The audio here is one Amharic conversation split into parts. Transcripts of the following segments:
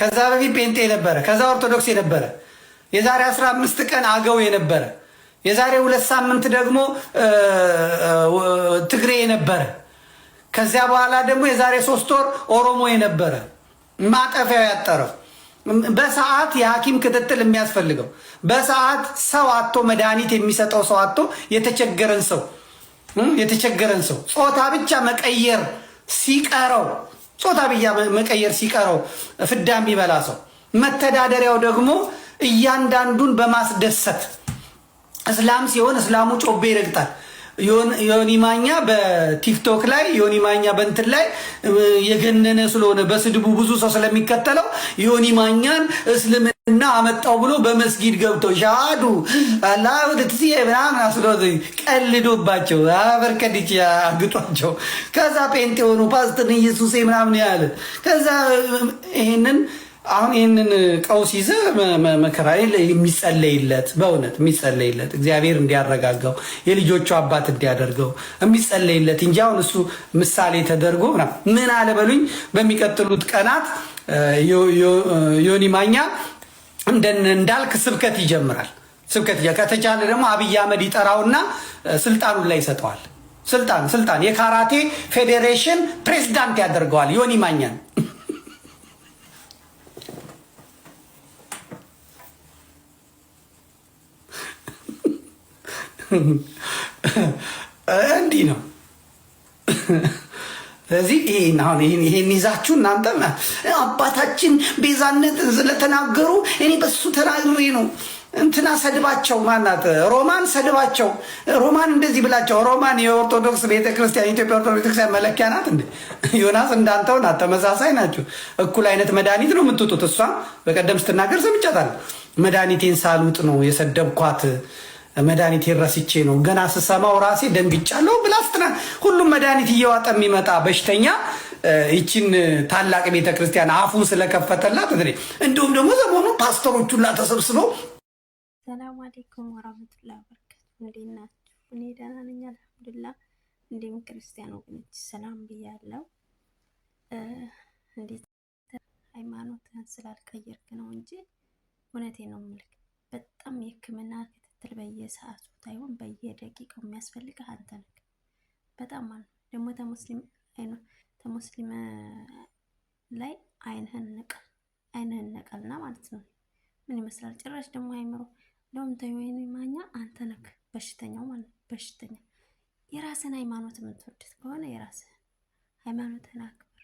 ከዛ በፊት ጴንጤ የነበረ ከዛ ኦርቶዶክስ የነበረ የዛሬ አስራ አምስት ቀን አገው የነበረ የዛሬ ሁለት ሳምንት ደግሞ ትግሬ የነበረ ከዚያ በኋላ ደግሞ የዛሬ ሶስት ወር ኦሮሞ የነበረ ማጠፊያው ያጠረው በሰዓት የሐኪም ክትትል የሚያስፈልገው በሰዓት ሰው አቶ መድኃኒት የሚሰጠው ሰው አቶ የተቸገረን ሰው የተቸገረን ሰው ጾታ ብቻ መቀየር ሲቀረው ጾታ ብያ መቀየር ሲቀረው ፍዳ የሚበላ ሰው መተዳደሪያው ደግሞ እያንዳንዱን በማስደሰት እስላም ሲሆን እስላሙ ጮቤ ይረግጣል። ዮኒ ማኛ በቲክቶክ ላይ ዮኒ ማኛ በእንትን ላይ የገነነ ስለሆነ በስድቡ ብዙ ሰው ስለሚከተለው ዮኒ ማኛን እስልምና አመጣው ብሎ በመስጊድ ገብተው ሻዱ አላ ምናምን አስሎ ቀልዶባቸው በርከድች አግጧቸው። ከዛ ጴንጤ ሆኑ ፓስተርን ኢየሱሴ ምናምን ያለ ከዛ ይህንን አሁን ይህንን ቀውስ ይዘ መከራ የሚጸለይለት በእውነት የሚጸለይለት እግዚአብሔር እንዲያረጋጋው የልጆቹ አባት እንዲያደርገው የሚጸለይለት እንጂ አሁን እሱ ምሳሌ ተደርጎ ምን አለበሉኝ። በሚቀጥሉት ቀናት ዮኒ ማኛ እንዳልክ ስብከት ይጀምራል። ስብከት ከተቻለ ደግሞ አብይ አህመድ ይጠራውና ስልጣኑን ላይ ይሰጠዋል። ስልጣን ስልጣን የካራቴ ፌዴሬሽን ፕሬዚዳንት ያደርገዋል ዮኒ ማኛን እንዲህ ነው። ስለዚህ ይህን ይዛችሁ እናንተ አባታችን ቤዛነት ስለተናገሩ እኔ በሱ ተናግሬ ነው እንትና ሰድባቸው ማናት ሮማን ሰድባቸው ሮማን እንደዚህ ብላቸው ሮማን የኦርቶዶክስ ቤተክርስቲያን ኢትዮጵያ ኦርቶዶክስ ቤተክርስቲያን መለኪያ ናት እንዴ? ዮናስ እንዳንተው ናት። ተመሳሳይ ናቸው። እኩል አይነት መድኃኒት ነው የምትጡት። እሷ በቀደም ስትናገር ሰምቻታል። መድኃኒቴን ሳሉጥ ነው የሰደብኳት መድኃኒት ረስቼ ነው ገና ስሰማው ራሴ ደንግጫለሁ ብላስትና ሁሉም መድኃኒት እየዋጠ የሚመጣ በሽተኛ ይችን ታላቅ ቤተክርስቲያን አፉን ስለከፈተላት እንዲሁም ደግሞ ዘመኑ ፓስተሮቹ ላ ተሰብስበው ሰላም አሌይኩም ወራህመቱላ በረካቱ። እንዴት ናችሁ? እኔ ደህና ነኝ አልሐምዱላ። እንዲሁም ክርስቲያን ወገኖች ሰላም ብያለው። እንዴት ሃይማኖትህን ስላልቀየርክ ነው እንጂ እውነቴ ነው ምልክ በጣም የህክምና ስትል በየሰዓቱ ታይሆን በየደቂቃው የሚያስፈልግህ አንተ ነህ። በጣም ማለት ነው። ደግሞ ተሙስሊም ተሙስሊም ላይ አይንህን ነቀል አይንህን ነቀልና ማለት ነው። ምን ይመስላል? ጭራሽ ደግሞ አይምሮ እንደውም ተወይን ማኛ አንተ ነህ በሽተኛው ማለት ነው። በሽተኛ የራስን ሃይማኖት የምትወድት ከሆነ የራስህን ሃይማኖትህን አክብር።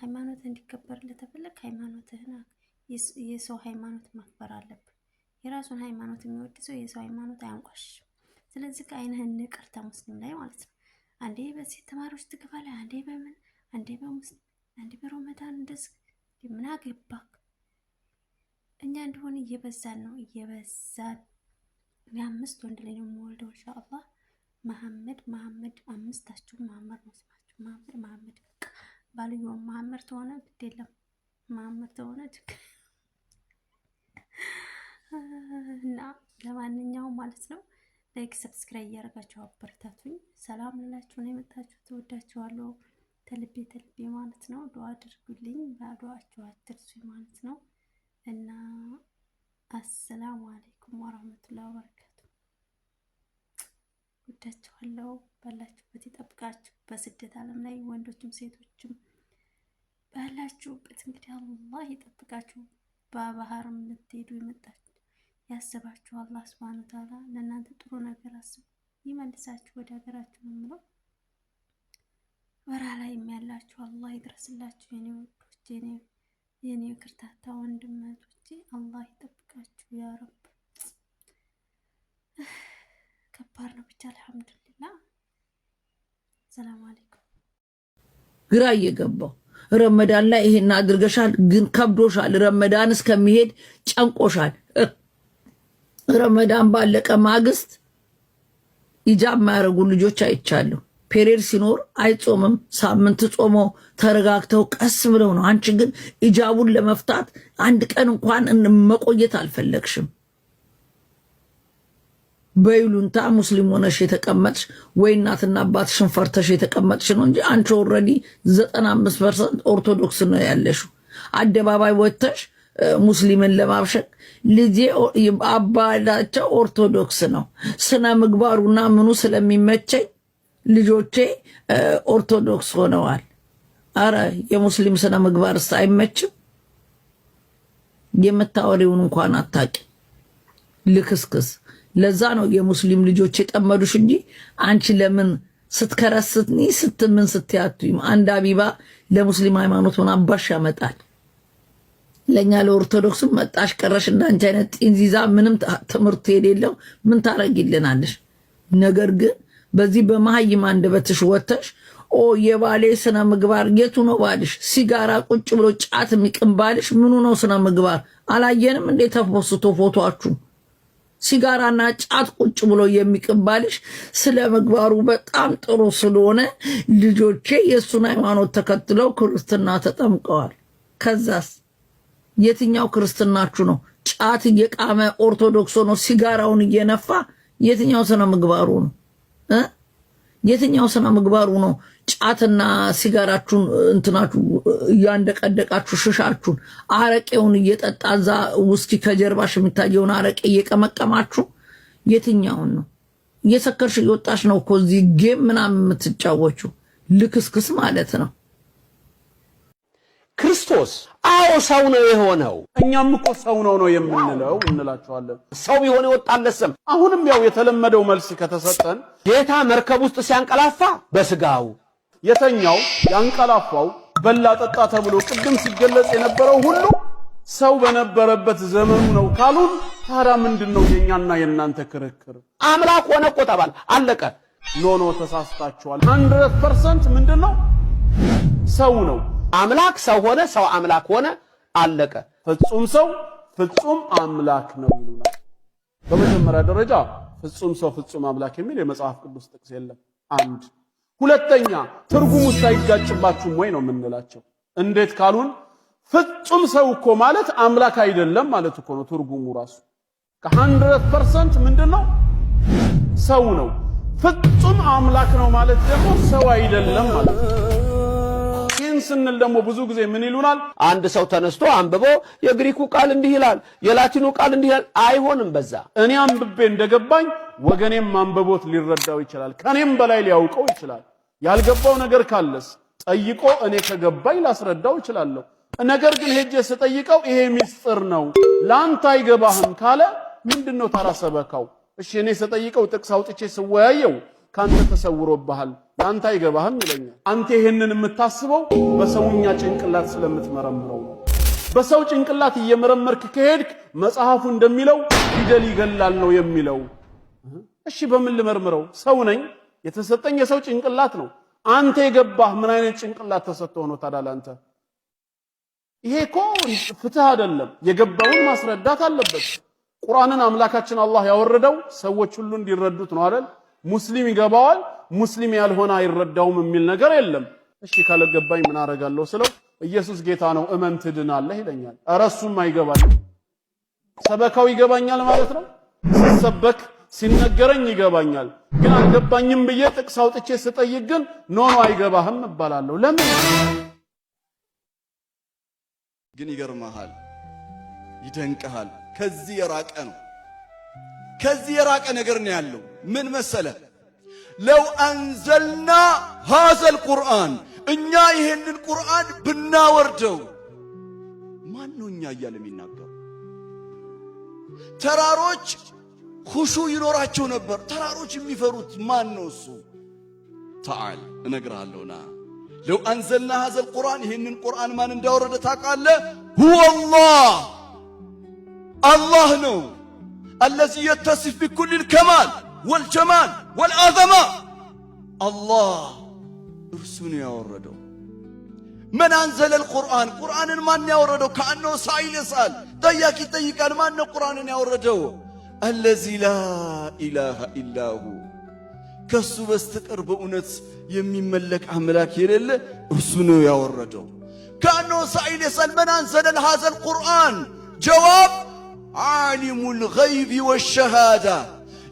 ሃይማኖትህ እንዲከበር ለተፈለግ ሃይማኖትህን የሰው ሃይማኖት ማክበር አለብህ። የራሱን ሃይማኖት የሚወድ ሰው የሰው ሃይማኖት አያንቋሽ። ስለዚህ ከአይንህን ንቅር ተሙስሊም ላይ ማለት ነው። አንዴ በሴት ተማሪዎች ላይ፣ አንዴ በምን አንዴ በሙስሊም አንዴ በሮመዳን እንደዚህ ምን አገባክ? እኛ እንደሆነ እየበዛን ነው እየበዛን የአምስት ወንድ ላይ ነው የምወልደው ኢንሻአላህ። መሐመድ መሐመድ አምስታችሁ መሐመድ ነው ስማችሁ። መሐመድ መሐመድ በቃ ባልየውም መሐመድ ተሆነ ግድ የለም መሐመድ ተሆነ እና ለማንኛውም ማለት ነው ላይክ ሰብስክራይብ እያደረጋችሁ አበረታቱኝ። ሰላም ልላችሁ ነው የመጣችሁት። እወዳችኋለሁ ተልቤ ተልቤ ማለት ነው። ዱአ አድርጉልኝ፣ በዱዓችሁ አትርሱኝ ማለት ነው እና አሰላሙ አለይኩም ወራህመቱላሂ ወበረካቱ። እወዳችኋለሁ። ባላችሁበት ይጠብቃችሁ። በስደት ዓለም ላይ ወንዶችም ሴቶችም ባላችሁበት እንግዲህ አላህ ይጠብቃችሁ። በባህር የምትሄዱ ይመጣችሁ ያስባችሁ አላህ ስብሃነ ወተዓላ ለእናንተ ጥሩ ነገር አስቡ ይመልሳችሁ ወደ ሀገራችሁ ነው የምለው። በረሃ ላይ የሚያላችሁ አላህ ይድረስላችሁ። የኔ ወዶች፣ የኔ ክርታታ ወንድመቶቼ አላህ ይጠብቃችሁ ያ ረብ። ከባድ ነው ብቻ አልሐምዱሊላ። ሰላም አለይኩም። ግራ እየገባው ረመዳን ላይ ይሄን አድርገሻል፣ ግን ከብዶሻል። ረመዳን እስከሚሄድ ጨንቆሻል። ረመዳን ባለቀ ማግስት ኢጃብ ማያደርጉ ልጆች አይቻለሁ። ፔሬድ ሲኖር አይጾምም። ሳምንት ጾሞ ተረጋግተው ቀስ ብለው ነው። አንቺ ግን ኢጃቡን ለመፍታት አንድ ቀን እንኳን መቆየት አልፈለግሽም። በይሉንታ ሙስሊም ሆነሽ የተቀመጥሽ ወይ እናትና አባትሽን ፈርተሽ የተቀመጥሽ ነው እንጂ አንቺ ኦልሬዲ ዘጠና አምስት ፐርሰንት ኦርቶዶክስ ነው ያለሽው። አደባባይ ወጥተሽ ሙስሊምን ለማብሸቅ ልጄ አባላቸው ኦርቶዶክስ ነው፣ ስነ ምግባሩና ምኑ ስለሚመቸኝ ልጆቼ ኦርቶዶክስ ሆነዋል። አረ የሙስሊም ስነ ምግባርስ አይመችም? የምታወሪውን እንኳን አታቂ ልክስክስ። ለዛ ነው የሙስሊም ልጆች የጠመዱሽ እንጂ አንቺ ለምን ስትከረስትኒ ስትምን ስትያቱኝ አንድ አቢባ ለሙስሊም ሃይማኖት ሆን አባሽ ያመጣል። ለእኛ ለኦርቶዶክስም መጣሽ ቀረሽ እንዳንቺ አይነት ጢንዚዛ ምንም ትምህርት የሌለው ምን ታረጊልናለሽ? ነገር ግን በዚህ በመሀይም አንደበትሽ ወተሽ ኦ የባሌ ስነ ምግባር የቱ ነው ባልሽ? ሲጋራ ቁጭ ብሎ ጫት የሚቅም ባልሽ ምኑ ነው ስነ ምግባር? አላየንም እንዴ ተፈስቶ ፎቶችሁ ሲጋራና ጫት ቁጭ ብሎ የሚቅባልሽ ስለ ምግባሩ በጣም ጥሩ ስለሆነ ልጆቼ የእሱን ሃይማኖት ተከትለው ክርስትና ተጠምቀዋል። ከዛስ የትኛው ክርስትናችሁ ነው? ጫት እየቃመ ኦርቶዶክስ ሆኖ ሲጋራውን እየነፋ የትኛው ስነ ምግባሩ ነው? የትኛው ስነ ምግባሩ ነው? ጫትና ሲጋራችሁን እንትናችሁ እያንደቀደቃችሁ ሽሻችሁን አረቄውን እየጠጣ እዛ ውስኪ ከጀርባሽ የሚታየውን አረቄ እየቀመቀማችሁ የትኛውን ነው? እየሰከርሽ እየወጣሽ ነው እኮ እዚህ ጌም ምናምን የምትጫወችው ልክስክስ ማለት ነው ክርስቶስ አዎ ሰው ነው የሆነው። እኛም እኮ ሰው ነው ነው የምንለው እንላቸዋለን። ሰው ቢሆን የወጣለት ስም። አሁንም ያው የተለመደው መልስ ከተሰጠን ጌታ መርከብ ውስጥ ሲያንቀላፋ በስጋው የተኛው ያንቀላፋው በላ ጠጣ ተብሎ ቅድም ሲገለጽ የነበረው ሁሉ ሰው በነበረበት ዘመኑ ነው ካሉን፣ ታዲያ ምንድን ነው የእኛና የእናንተ ክርክር? አምላክ ሆነ እኮ ተባለ አለቀ። ኖኖ ኖ ተሳስታችኋል። ፐርሰንት ምንድን ነው ሰው ነው አምላክ ሰው ሆነ፣ ሰው አምላክ ሆነ፣ አለቀ። ፍጹም ሰው ፍጹም አምላክ ነው ይሉናል። በመጀመሪያ ደረጃ ፍጹም ሰው ፍጹም አምላክ የሚል የመጽሐፍ ቅዱስ ጥቅስ የለም። አንድ ሁለተኛ ትርጉሙ ሳይጋጭባችሁም ወይ ነው የምንላቸው። እንዴት ካሉን ፍጹም ሰው እኮ ማለት አምላክ አይደለም ማለት እኮ ነው። ትርጉሙ ራሱ ከ ፐርሰንት ምንድን ነው ሰው ነው። ፍጹም አምላክ ነው ማለት ደግሞ ሰው አይደለም ማለት ነው። ይህን ስንል ደግሞ ብዙ ጊዜ ምን ይሉናል? አንድ ሰው ተነስቶ አንብቦ የግሪኩ ቃል እንዲህ ይላል፣ የላቲኑ ቃል እንዲህ ይላል። አይሆንም። በዛ እኔ አንብቤ እንደገባኝ ወገኔም አንብቦት ሊረዳው ይችላል፣ ከኔም በላይ ሊያውቀው ይችላል። ያልገባው ነገር ካለስ ጠይቆ እኔ ከገባኝ ላስረዳው ይችላለሁ ነገር ግን ሄጄ ስጠይቀው ይሄ ሚስጥር ነው ላንተ አይገባህም ካለ ምንድነው ታራ ሰበካው? እሺ እኔ ስጠይቀው ጥቅስ አውጥቼ ስወያየው ከአንተ ተሰውሮብሃል፣ ለአንተ አይገባህም ይለኛል። አንተ ይሄንን የምታስበው በሰውኛ ጭንቅላት ስለምትመረምረው ነው። በሰው ጭንቅላት እየመረመርክ ከሄድክ መጽሐፉ እንደሚለው ፊደል ይገላል ነው የሚለው። እሺ በምን ልመርምረው? ሰው ነኝ፣ የተሰጠኝ የሰው ጭንቅላት ነው። አንተ የገባህ ምን አይነት ጭንቅላት ተሰጥቶ ነው ታዲያ ለአንተ? ይሄ እኮ ፍትህ አይደለም። የገባውን ማስረዳት አለበት። ቁርአንን አምላካችን አላህ ያወረደው ሰዎች ሁሉ እንዲረዱት ነው አይደል? ሙስሊም ይገባዋል፣ ሙስሊም ያልሆነ አይረዳውም የሚል ነገር የለም። እሺ ካለገባኝ ምን አረጋለሁ ስለው ኢየሱስ ጌታ ነው እመን ትድናለህ ይለኛል። ኧረ እሱም አይገባል። ሰበካው ይገባኛል ማለት ነው። ሲሰበክ ሲነገረኝ ይገባኛል። ግን አልገባኝም ብዬ ጥቅስ አውጥቼ ስጠይቅ ግን ኖ አይገባህም እባላለሁ። ለምን ግን ይገርመሃል፣ ይደንቀሃል። ከዚህ የራቀ ነው። ከዚህ የራቀ ነገር ነው ያለው ምን መሰለ ለው አንዘልና ሀዘል ቁርአን እኛ ይሄንን ቁርአን ብናወርደው ማን ነው እኛ እያለ የሚናገሩ ተራሮች ሁሹ ይኖራቸው ነበር። ተራሮች የሚፈሩት ማን ነው? እሱ ተዓል እነግርሃለሁና ለው አንዘልና ሀዘል ቁርአን ይህንን ቁርአን ማን እንዳወረደ ታውቃለህ? ሁወ አላህ አላህ ነው አለዚ የተሲፍ ቢኩሊል ከማል ወልጀማል ወልአዘማ አላህ እርሱ ነው ያወረደው። መን አንዘለል ቁርአን ቁርአንን ማን ያወረደው? ከአነሁ ሳኢል ጠያቂ ይጠይቃል። ማን ነው ቁርአንን ያወረደው? አለዚ ላ ኢላሃ ኢላሁ ከሱ በስተቀር በእውነት የሚመለክ አምላክ የሌለ እርሱ ነው ያወረደው። ከአነሁ ሳኢል ይስአል መን አንዘለል ሃዘል ቁርአን ጀዋብ ዓሊሙል ገይቢ ወሸሃዳ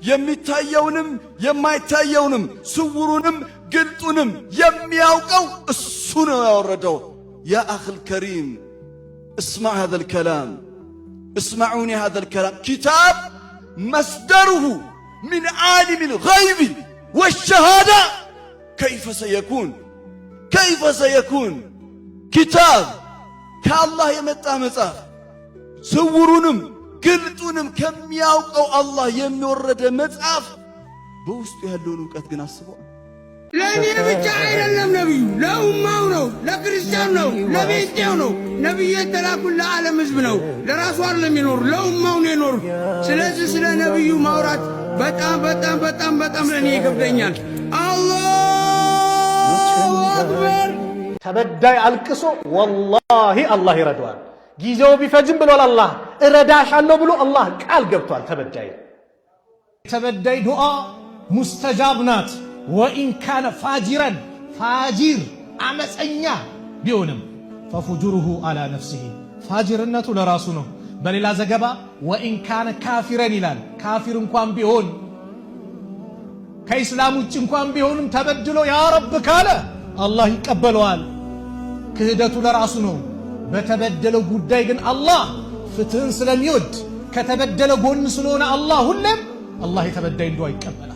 የሚታየውንም የማይታየውንም ስውሩንም ግልጡንም የሚያውቀው እሱ ነው ያወረደው። ያ አኽ ልከሪም እስማዕ ሃذ ልከላም እስማዑኒ ሃذ ልከላም ኪታብ መስደርሁ ምን ዓሊም ልገይቢ ወሸሃዳ ከይፈ ሰየኩን ከይፈ ሰየኩን ኪታብ ከአላህ የመጣ መጽሐፍ ስውሩንም ግልጡንም ከሚያውቀው አላህ የሚወረደ መጽሐፍ በውስጡ ያለውን እውቀት ግን አስበዋል። ለእኔ ብቻ አይደለም ነቢዩ፣ ለኡማው ነው፣ ለክርስቲያኑ ነው፣ ለቤስቲያው ነው። ነቢዩ የተላኩን ለዓለም ሕዝብ ነው። ለራሱ አይደለም የኖሩ ለኡማው ነው የኖሩ። ስለዚህ ስለ ነቢዩ ማውራት በጣም በጣም በጣም በጣም ለእኔ ይከብደኛል። አላሁ አክበር። ተበዳይ አልቅሶ ወላሂ አላህ ይረዳዋል። ጊዜው ቢፈጅም ብሏል አላህ እረዳሻለሁ ብሎ አላህ ቃል ገብቷል። ተበዳይ የተበዳይ ዱዓ ሙስተጃብ ናት። ወኢን ካነ ፋጅረን ፋጂር አመፀኛ ቢሆንም ፈፉጁሩሁ አላ ነፍሲሂ ፋጅርነቱ ለራሱ ነው። በሌላ ዘገባ ወኢን ካነ ካፊረን ይላል። ካፊር እንኳን ቢሆን ከኢስላም ውጭ እንኳን ቢሆንም ተበድሎ ያ ረብ ካለ አላህ ይቀበለዋል። ክህደቱ ለራሱ ነው። በተበደለው ጉዳይ ግን አላህ ፍትህን ስለሚወድ ከተበደለ ጎን ስለሆነ አላህ ሁሌም አላህ የተበዳይ እንደው አይቀበላል።